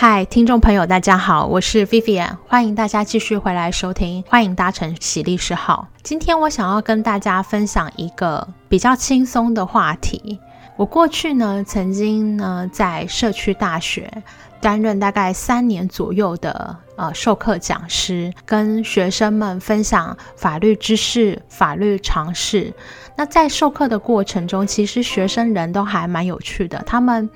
嗨，Hi，聽眾朋友，大家好，我是 Vivian，歡迎大家繼續回來收聽，歡迎搭乘喜力士號。今天我想要跟大家分享一個比較輕鬆的話題。我過去呢，曾經呢，在社區大學擔任大概三年左右的呃授課講師，跟學生們分享法律知識、法律常識。那在授課的過程中，其實學生人都還蠻有趣的，他們，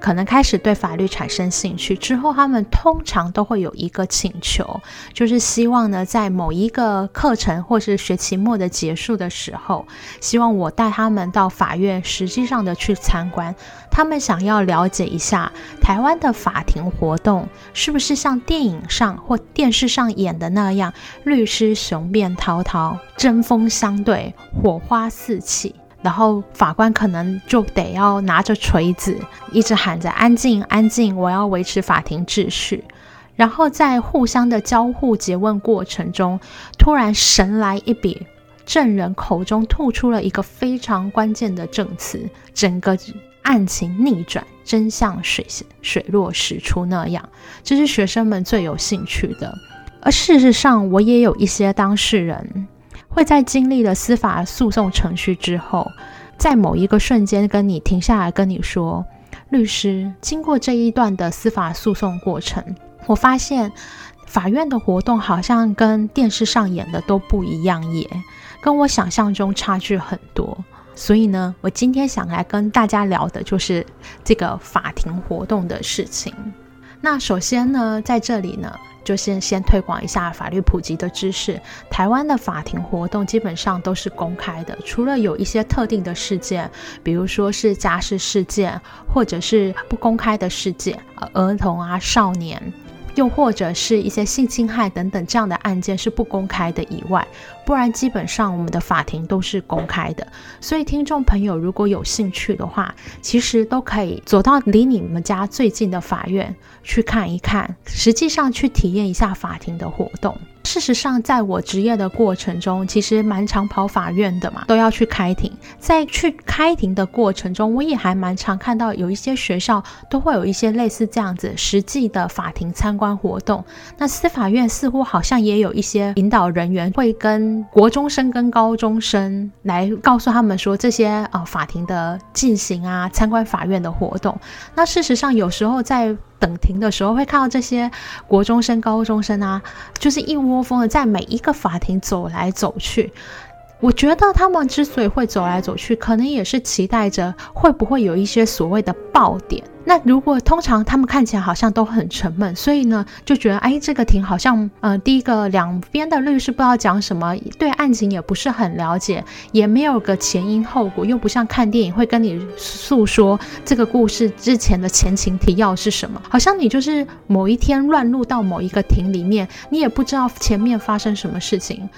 可能開始對法律產生興趣之後，他們通常都會有一個請求，就是希望呢，在某一個課程或是學期末的結束的時候，希望我帶他們到法院，實際上的去參觀。他們想要了解一下台灣的法庭活動是不是像電影上或電視上演的那樣，律師雄辯滔滔，針鋒相對，火花四起。然後法官可能就得要拿着錘子，一直喊着“安靜，安靜”，我要維持法庭秩序。然後在互相的交互詰問過程中，突然神來一筆，證人口中吐出了一個非常關鍵的證詞，整個案情逆轉，真相水，水落石出那樣。這是學生們最有興趣的，而事實上，我也有一些當事人。會在經歷了司法訴訟程序之後，在某一個瞬間跟你停下來，跟你說：“律師，經過這一段的司法訴訟過程，我發現法院的活動好像跟電視上演的都不一樣耶，也跟我想象中差距很多。所以呢，我今天想來跟大家聊的就是這個法庭活動的事情。”那首先呢，在這裡呢，就先先推廣一下法律普及的知識。台灣的法庭活動基本上都是公開的，除了有一些特定的事件，比如說是家事事件，或者是不公開的事件，兒童啊、少年，又或者是一些性侵害等等這樣的案件是不公開的以外。不然，基本上我們的法庭都是公開的，所以聽眾朋友如果有興趣的話，其實都可以走到離你們家最近的法院去看一看，實際上去體驗一下法庭的活動。事實上，在我職業的過程中，其實蠻常跑法院的嘛，都要去開庭。在去開庭的過程中，我也還蠻常看到有一些學校都會有一些類似這樣子實際的法庭參觀活動。那司法院似乎好像也有一些引導人員會跟。國中生跟高中生來告訴他們說，這些啊、呃、法庭的進行啊，參觀法院的活動。那事實上，有時候在等庭的時候，會看到這些國中生、高中生啊，就是一窩蜂的在每一個法庭走來走去。我覺得他們之所以會走來走去，可能也是期待着會不會有一些所謂的爆點。那如果通常他們看起來好像都很沉悶，所以呢就覺得，哎，這個庭好像，呃，第一個兩邊的律師不知道講什麼，對案情也不是很了解，也沒有個前因後果，又不像看電影會跟你訴說這個故事之前的前情提要是什麼，好像你就是某一天亂入到某一個庭裡面，你也不知道前面發生什麼事情。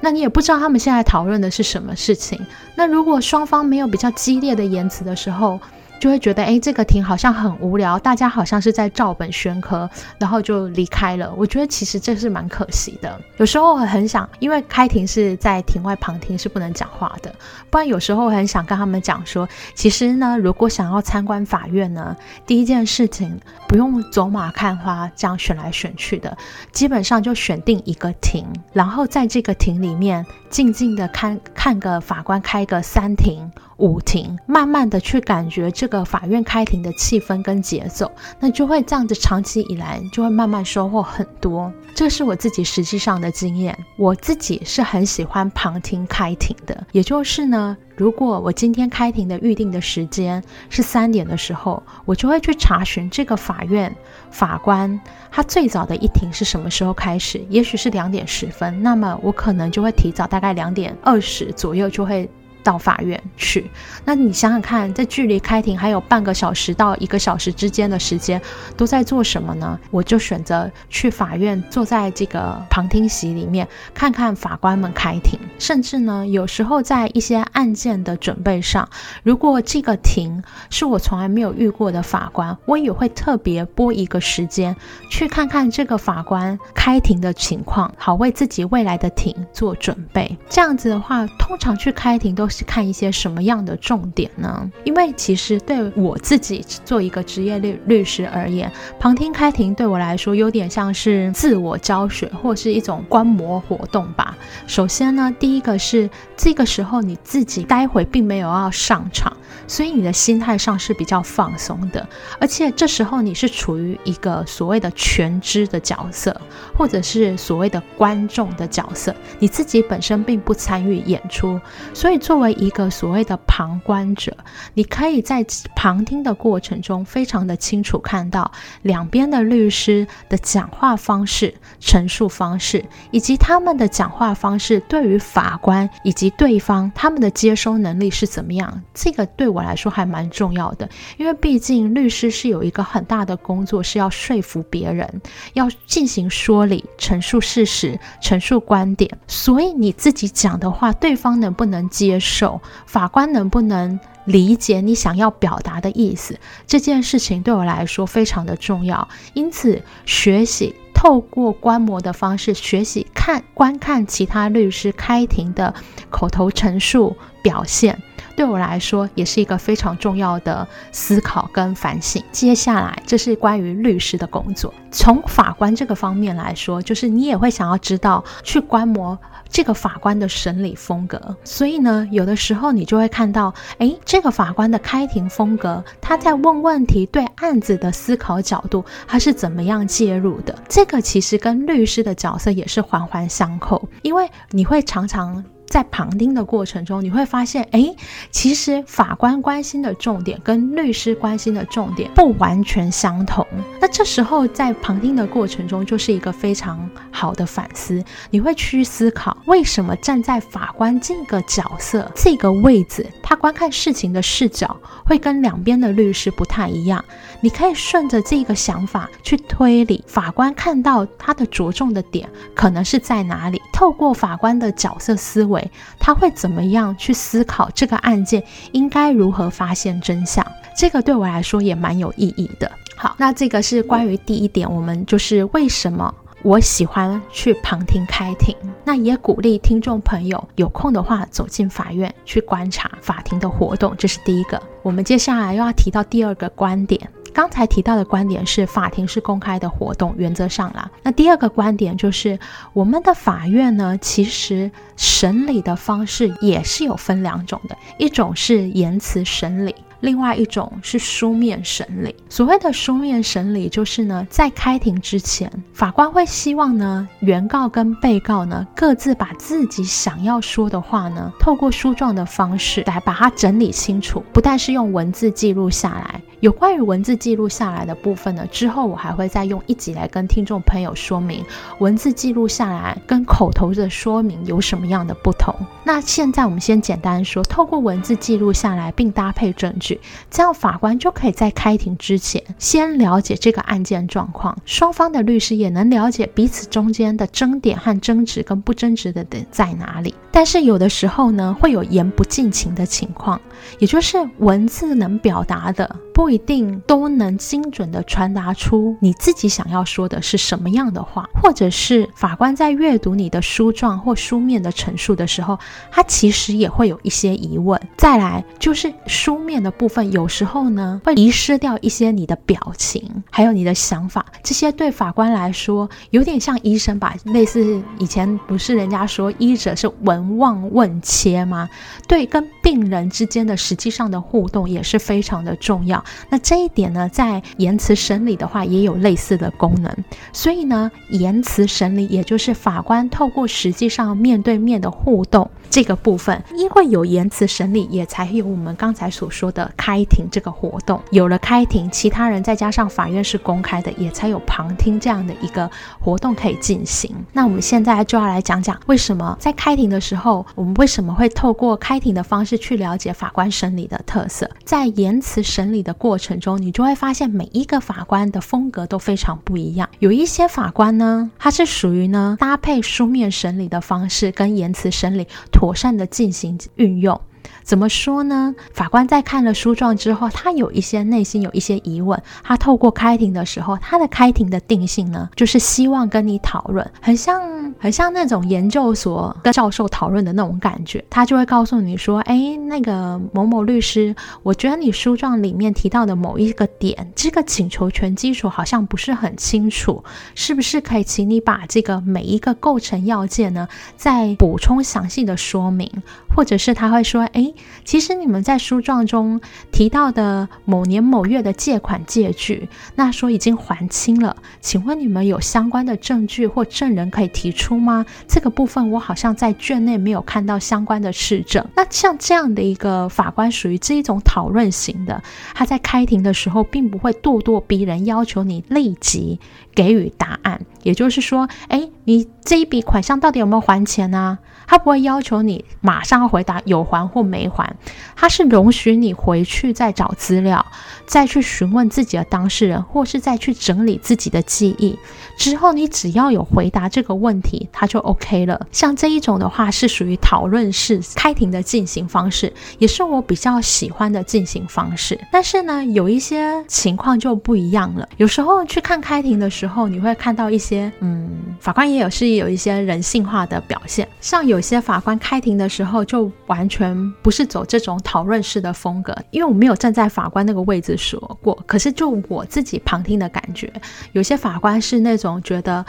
那你也不知道他們現在討論的是什麼事情。那如果雙方沒有比較激烈的言辭的時候，就會覺得，哎、欸，這個庭好像很無聊，大家好像是在照本宣科，然後就離開了。我覺得其實這是蠻可惜的。有時候我很想，因為開庭是在庭外旁聽是不能講話的，不然有時候我很想跟他們講說，其實呢，如果想要參觀法院呢，第一件事情不用走馬看花這樣選來選去的，基本上就選定一個庭，然後在這個庭裡面靜靜的看看個法官開個三庭五庭，慢慢的去感覺這個。這個法院開庭的氣氛跟節奏，那就會這樣子，長期以來就會慢慢收穫很多。這是我自己實際上的經驗。我自己是很喜歡旁聽開庭的，也就是呢，如果我今天開庭的預定的時間是三點的時候，我就會去查詢這個法院法官他最早的一庭是什麼時候開始，也許是兩點十分，那麼我可能就會提早大概兩點二十左右就會。到法院去，那你想想看，在距離開庭還有半個小時到一個小時之間的時間，都在做什麼呢？我就選擇去法院，坐在這個旁聽席裡面，看看法官們開庭。甚至呢，有時候在一些案件的準備上，如果這個庭是我從來沒有遇過的法官，我也會特別撥一個時間，去看看這個法官開庭的情況，好為自己未來的庭做準備。這樣子的話，通常去開庭都是看一些什麼樣的重點呢？因為其實對我自己做一個執業律律師而言，旁聽開庭對我來說有點像是自我教學或是一種觀摩活動吧。首先呢，第一個是這個時候你自己待會並沒有要上場。所以你的心態上是比較放鬆的，而且這時候你是處於一個所謂的全知的角色，或者是所謂的觀眾的角色，你自己本身並不參與演出，所以作為一個所謂的旁觀者，你可以在旁聽的過程中，非常的清楚看到兩邊的律師的講話方式、陳述方式，以及他們的講話方式對於法官以及對方他們的接收能力是怎麼樣，這個對我，我來說還蠻重要的，因為畢竟律師是有一個很大的工作，是要說服別人，要進行說理、陳述事實、陳述觀點。所以你自己講的話，對方能不能接受，法官能不能理解你想要表達的意思，這件事情對我來說非常的重要。因此，學習透過觀摩的方式，學習看，觀看其他律師開庭的口頭陳述表現。對我來說也是一個非常重要的思考跟反省。接下來，這是關於律師的工作。從法官這個方面來說，就是你也會想要知道去觀摩這個法官的審理風格。所以呢，有的時候你就會看到，誒，這個法官的開庭風格，他在問問題、對案子的思考角度，他是怎麼樣介入的。這個其實跟律師的角色也是環環相扣，因為你會常常。在旁聽的過程中，你會發現，誒，其實法官關心的重點跟律師關心的重點不完全相同。那這時候在旁聽的過程中，就是一個非常好的反思。你會去思考，為什麼站在法官這個角色、這個位置，他觀看事情的視角會跟兩邊的律師不太一樣？你可以順着這個想法去推理，法官看到他的着重的點可能是在哪裡？透過法官的角色思維。他會怎麼樣去思考這個案件，應該如何發現真相？這個對我來說也蠻有意義的。好，那這個是關於第一點，我們就是為什麼我喜歡去旁聽開庭。那也鼓勵聽眾朋友有空的話走進法院去觀察法庭的活動。這是第一個。我們接下來又要提到第二個觀點。剛才提到的觀點是，法庭是公開的活動，原則上啦，那第二個觀點就是，我們的法院呢，其實審理的方式也是有分兩種的，一種是言詞審理，另外一種是書面審理。所謂的書面審理，就是呢，在開庭之前，法官會希望呢，原告跟被告呢，各自把自己想要說的話呢，透過書狀的方式來把它整理清楚，不但是用文字記錄下來。有關於文字記錄下來的部分呢，之後我還會再用一集來跟聽眾朋友說明文字記錄下來跟口頭的說明有什麼樣的不同。那現在我們先簡單說，透過文字記錄下來並搭配證據，這樣法官就可以在開庭之前先了解這個案件狀況，雙方的律師也能了解彼此中間的爭點和爭執跟不爭執的點在哪裡。但是有的時候呢，會有言不盡情的情況，也就是文字能表達的。不一定都能精準的傳達出你自己想要說的是什麼樣的話，或者是法官在閱讀你的書狀或書面的陳述的時候，他其實也會有一些疑問。再來就是書面的部分，有時候呢，會遺失掉一些你的表情，還有你的想法，這些對法官來說有點像醫生吧，類似以前不是人家說醫者是聞望問切嗎？對，跟病人之間的實際上的互動也是非常的重要。那這一點呢，在言辭審理的話，也有類似的功能。所以呢，言辭審理也就是法官透過實際上面對面的互動。這個部分，因為有言詞審理，也才有我們剛才所說的開庭這個活動。有了開庭，其他人再加上法院是公開的，也才有旁聽這樣的一個活動可以進行。那我們現在就要來講講，為什麼在開庭的時候，我們為什麼會透過開庭的方式去了解法官審理的特色？在言詞審理的過程中，你就會發現每一個法官的風格都非常不一樣。有一些法官呢，他是屬於呢，搭配書面審理的方式跟言詞審理。妥善的進行運用。怎麼說呢？法官在看了訴狀之後，他有一些內心有一些疑問。他透過開庭的時候，他的開庭的定性呢，就是希望跟你討論，很像很像那種研究所跟教授討論的那種感覺。他就會告訴你說：“誒，那個某某律師，我覺得你訴狀裡面提到的某一個點，這個請求權基礎好像不是很清楚，是不是可以請你把這個每一個構成要件呢，再補充詳細的說明？或者是他會說：誒……其實你們在訴狀中提到的某年某月的借款借據，那說已經還清了，請問你們有相關的證據或證人可以提出嗎？這個部分我好像在卷內沒有看到相關的事證。那像這樣的一個法官屬於這一種討論型的，他在開庭的時候並不會咄咄逼人，要求你立即給予答案。也就是說，哎，你這一筆款項到底有沒有還錢呢、啊？他不會要求你馬上回答有還或沒還，他是容許你回去再找資料，再去詢問自己的當事人，或是再去整理自己的記憶。之後你只要有回答這個問題，他就 OK 了。像這一種的話，是屬於討論式開庭的進行方式，也是我比較喜歡的進行方式。但是呢，有一些情況就不一樣了。有時候去看開庭的時候，你會看到一些，嗯，法官也有是有一些人性化的表現。像有些法官開庭的時候，就完全不是走這種討論式的風格。因為我沒有站在法官那個位置說過，可是就我自己旁聽的感覺，有些法官是那種。覺得，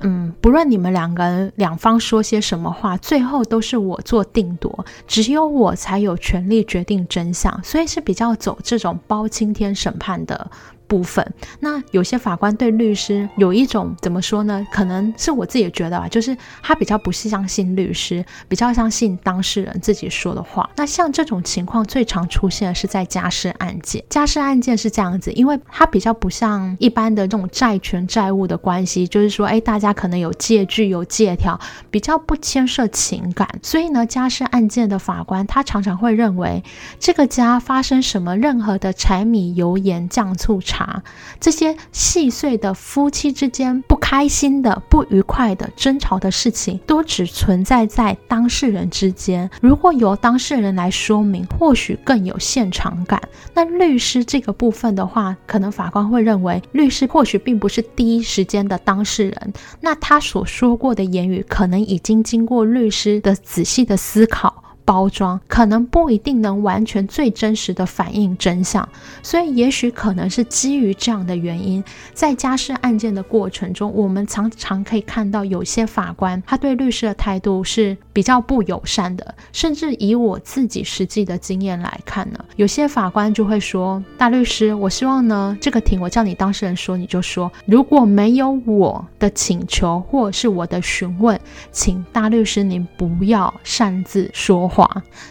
嗯，不論你們兩個人兩方說些什麼話，最後都是我做定奪，只有我才有權利決定真相，所以是比較走這種包青天審判的。部分，那有些法官對律師有一種怎麼說呢？可能是我自己覺得啊，就是他比較不相信律師，比較相信當事人自己說的話。那像這種情況最常出現的是在家事案件。家事案件是這樣子，因為他比較不像一般的這種債權債務的關係，就是說，哎，大家可能有借據、有借條，比較不牽涉情感。所以呢，家事案件的法官他常常會認為，這個家發生什麼任何的柴米油鹽醬醋茶。啊，這些細碎的夫妻之間不開心的、不愉快的爭吵的事情，都只存在在當事人之間。如果由當事人來說明，或許更有現場感。那律師這個部分的話，可能法官會認為，律師或許並不是第一時間的當事人，那他所說過的言語，可能已經經過律師的仔細的思考。包裝可能不一定能完全最真實的反映真相，所以也許可能是基於這樣的原因，在家事案件的過程中，我們常常可以看到有些法官他對律師的態度是比較不友善的，甚至以我自己實際的經驗來看呢，有些法官就會說：“大律師，我希望呢，這個庭我叫你當事人說你就說，如果沒有我的請求或者是我的詢問，請大律師您不要擅自說話。”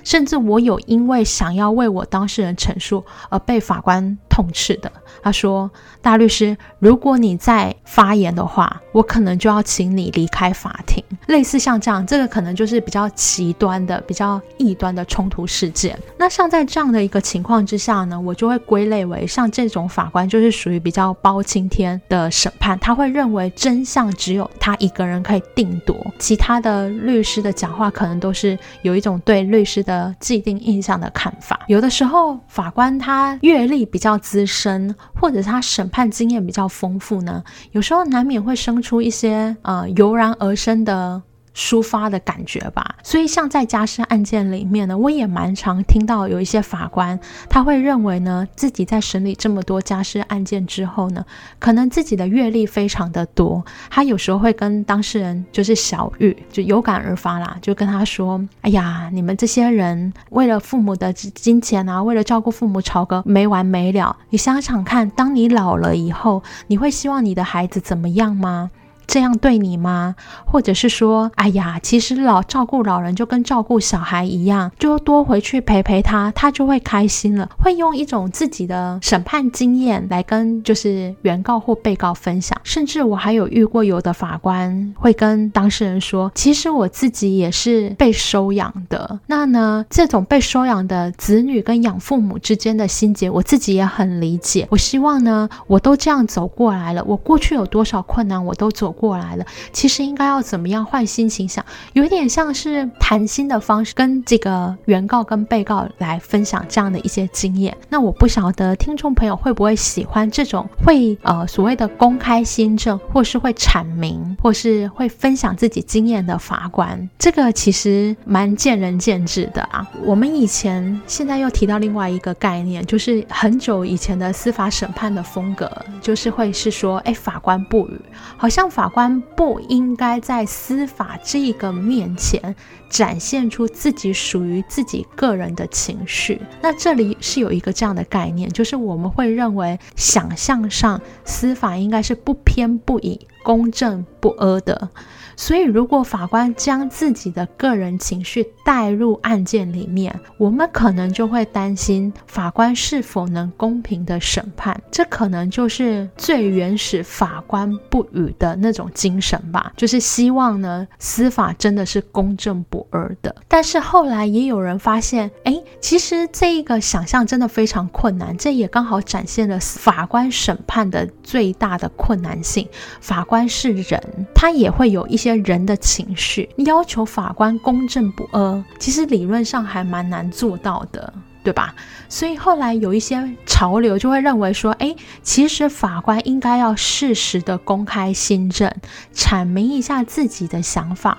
甚至我有因為想要為我當事人陳述而被法官。痛斥的，他說：“大律師，如果你再發言的話，我可能就要請你離開法庭。”類似像這樣，這個可能就是比較極端的、比較異端的衝突事件。那像在這樣的一個情況之下呢，我就會歸類為像這種法官就是屬於比較包青天的審判，他會認為真相只有他一個人可以定奪，其他的律師的講話可能都是有一種對律師的既定印象的看法。有的時候法官他閱歷比較。資深，或者他審判經驗比較豐富呢，有時候難免會生出一些呃，油然而生的。抒發的感覺吧，所以像在家事案件裡面呢，我也蠻常聽到有一些法官他會認為呢，自己在審理這麼多家事案件之後呢，可能自己的閱歷非常的多，他有時候會跟當事人就是小玉就有感而發啦，就跟他說：“哎呀，你們這些人為了父母的金錢啊，為了照顧父母吵個沒完沒了，你想想看，當你老了以後，你會希望你的孩子怎麼樣嗎？”這樣對你嗎？或者是說，哎呀，其實老照顧老人就跟照顧小孩一樣，就多回去陪陪他，他就會開心了，會用一種自己的審判經驗來跟就是原告或被告分享。甚至我還有遇過有的法官會跟當事人說，其實我自己也是被收養的。那呢，這種被收養的子女跟養父母之間的心結，我自己也很理解。我希望呢，我都這樣走過來了，我過去有多少困難，我都走。過來了，其實應該要怎麼樣？換心情想，有點像是談心的方式，跟這個原告跟被告來分享這樣的一些經驗。那我不曉得聽眾朋友會不會喜歡這種會呃所謂的公開心證，或是會闡明，或是會分享自己經驗的法官。這個其實蠻見仁見智的啊。我們以前現在又提到另外一個概念，就是很久以前的司法審判的風格，就是會是說，哎，法官不語，好像法。法官不應該在司法這個面前展現出自己屬於自己個人的情緒。那這裡是有一個這樣的概念，就是我們會認為，想象上司法應該是不偏不倚、公正不阿的。所以，如果法官將自己的個人情緒帶入案件裡面，我們可能就會擔心法官是否能公平的審判。這可能就是最原始法官不語的那種精神吧，就是希望呢司法真的是公正不二的。但是後來也有人發現，哎，其實這一個想象真的非常困難。這也剛好展現了法官審判的最大的困難性。法官是人，他也會有一些些人的情緒，要求法官公正不阿，其實理論上還蠻難做到的，對吧？所以後來有一些潮流就會認為說，誒，其實法官應該要適時的公開心證，闡明一下自己的想法。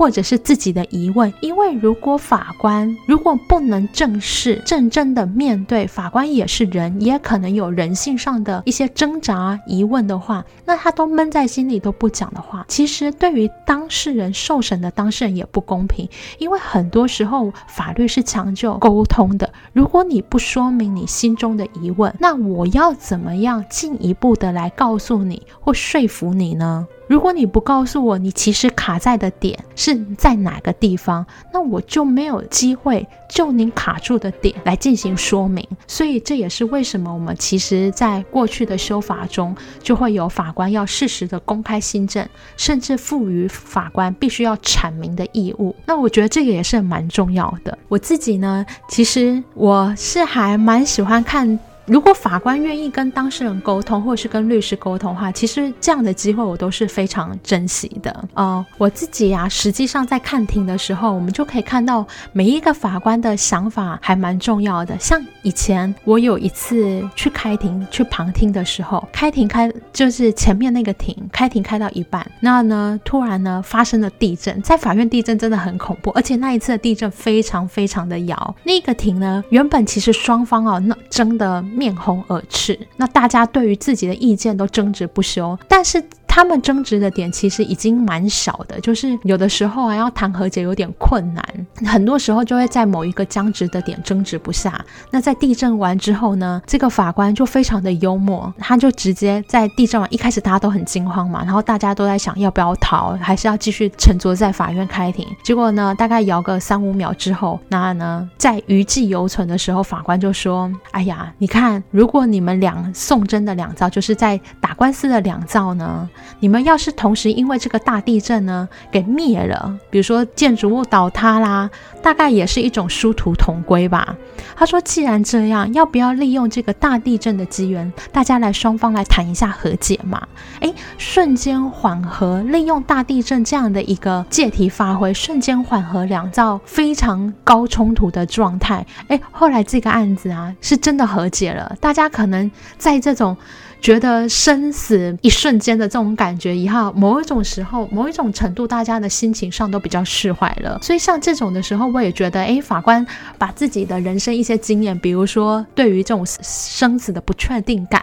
或者是自己的疑問，因為如果法官如果不能正視、真正的面對，法官也是人，也可能有人性上的一些掙扎、疑問的話，那他都悶在心裡都不講的話，其實對於當事人受審的當事人也不公平，因為很多時候法律是講究溝通的，如果你不說明你心中的疑問，那我要怎麼樣進一步的來告訴你或說服你呢？如果你不告訴我你其實卡在的點是在哪個地方，那我就沒有機會就您卡住的點來進行說明。所以這也是為什麼我們其實，在過去的修法中，就會有法官要適時的公開心證，甚至賦予法官必須要闡明的義務。那我覺得這個也是蠻重要的。我自己呢，其實我是還蠻喜歡看。如果法官願意跟當事人溝通，或是跟律師溝通的話，其實這樣的機會我都是非常珍惜的。呃，我自己啊，實際上在看庭的時候，我們就可以看到每一個法官的想法還蠻重要的。像以前我有一次去開庭去旁聽的時候，開庭開就是前面那個庭開庭開到一半，那呢突然呢發生了地震，在法院地震真的很恐怖，而且那一次的地震非常非常的搖。那個庭呢，原本其實雙方哦，那真的。面紅耳赤，那大家對於自己的意見都爭執不休，但是，他們爭執的點其實已經蠻少的，就是有的時候啊要談和解有點困難，很多時候就會在某一個僵直的點爭執不下。那在地震完之後呢，這個法官就非常的幽默，他就直接在地震完一開始大家都很驚慌嘛，然後大家都在想要不要逃，還是要繼續沉着在法院開庭。結果呢，大概搖個三五秒之後，那呢在餘悸猶存的時候，法官就說：“哎呀，你看，如果你們兩送真的兩造，就是在打官司的兩造呢。”你們要是同時因為這個大地震呢給滅了，比如說建築物倒塌啦，大概也是一種殊途同歸吧。他說，既然這樣，要不要利用這個大地震的機緣，大家來雙方來談一下和解嘛？哎，瞬間緩和，利用大地震這樣的一個借題發揮，瞬間緩和兩造非常高衝突的狀態。哎，後來這個案子啊是真的和解了，大家可能在這種。覺得生死一瞬間的這種感覺，以後某一種時候，某一種程度，大家的心情上都比較釋懷了。所以像這種的時候，我也覺得，誒，法官把自己的人生一些經驗，比如說，對於這種生死的不確定感，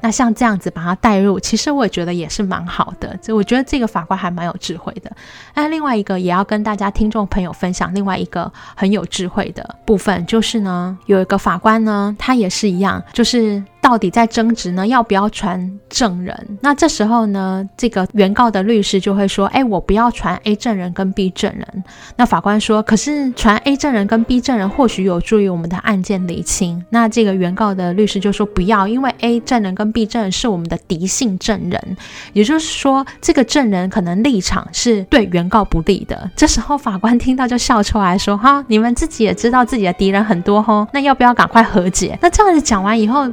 那像這樣子把它帶入，其實我也覺得也是蠻好的。這，我覺得這個法官還蠻有智慧的。那另外一個也要跟大家聽眾朋友分享，另外一個很有智慧的部分，就是呢，有一個法官呢，他也是一樣，就是。到底在爭執呢？要不要傳證人？那這時候呢，這個原告的律師就會說：“哎，我不要傳 A 證人跟 B 證人。”那法官說：“可是傳 A 證人跟 B 證人或許有助於我們的案件釐清。”那這個原告的律師就說：“不要，因為 A 證人跟 B 證人是我們的敵性證人，也就是說，這個證人可能立場是對原告不利的。”這時候法官聽到就笑出來，說：“哈，你們自己也知道自己的敵人很多吼，那要不要趕快和解？”那這樣子講完以後。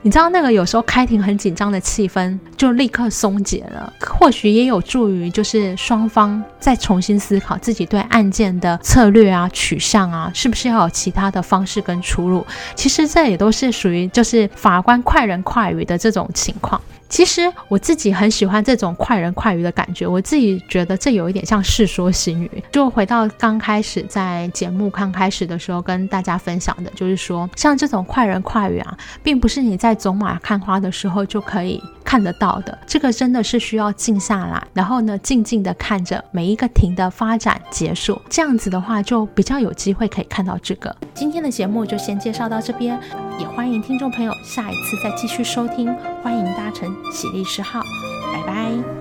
你知道那個有時候開庭很緊張的氣氛就立刻鬆解了，或許也有助於就是雙方再重新思考自己對案件的策略啊、取向啊，是不是要有其他的方式跟出入？其實這也都是屬於就是法官快人快語的這種情況。其實我自己很喜歡這種快人快語的感覺，我自己覺得這有一點像《世說新語》。就回到剛開始在節目剛開始的時候跟大家分享的，就是說像這種快人快語啊，並不是你在走馬看花的時候就可以看得到的，這個真的是需要靜下來，然後呢靜靜的看着每一個庭的發展結束，這樣子的話就比較有機會可以看到這個。今天的節目就先介紹到這邊，也歡迎聽眾朋友下一次再繼續收聽，歡迎搭乘。喜力十號，拜拜。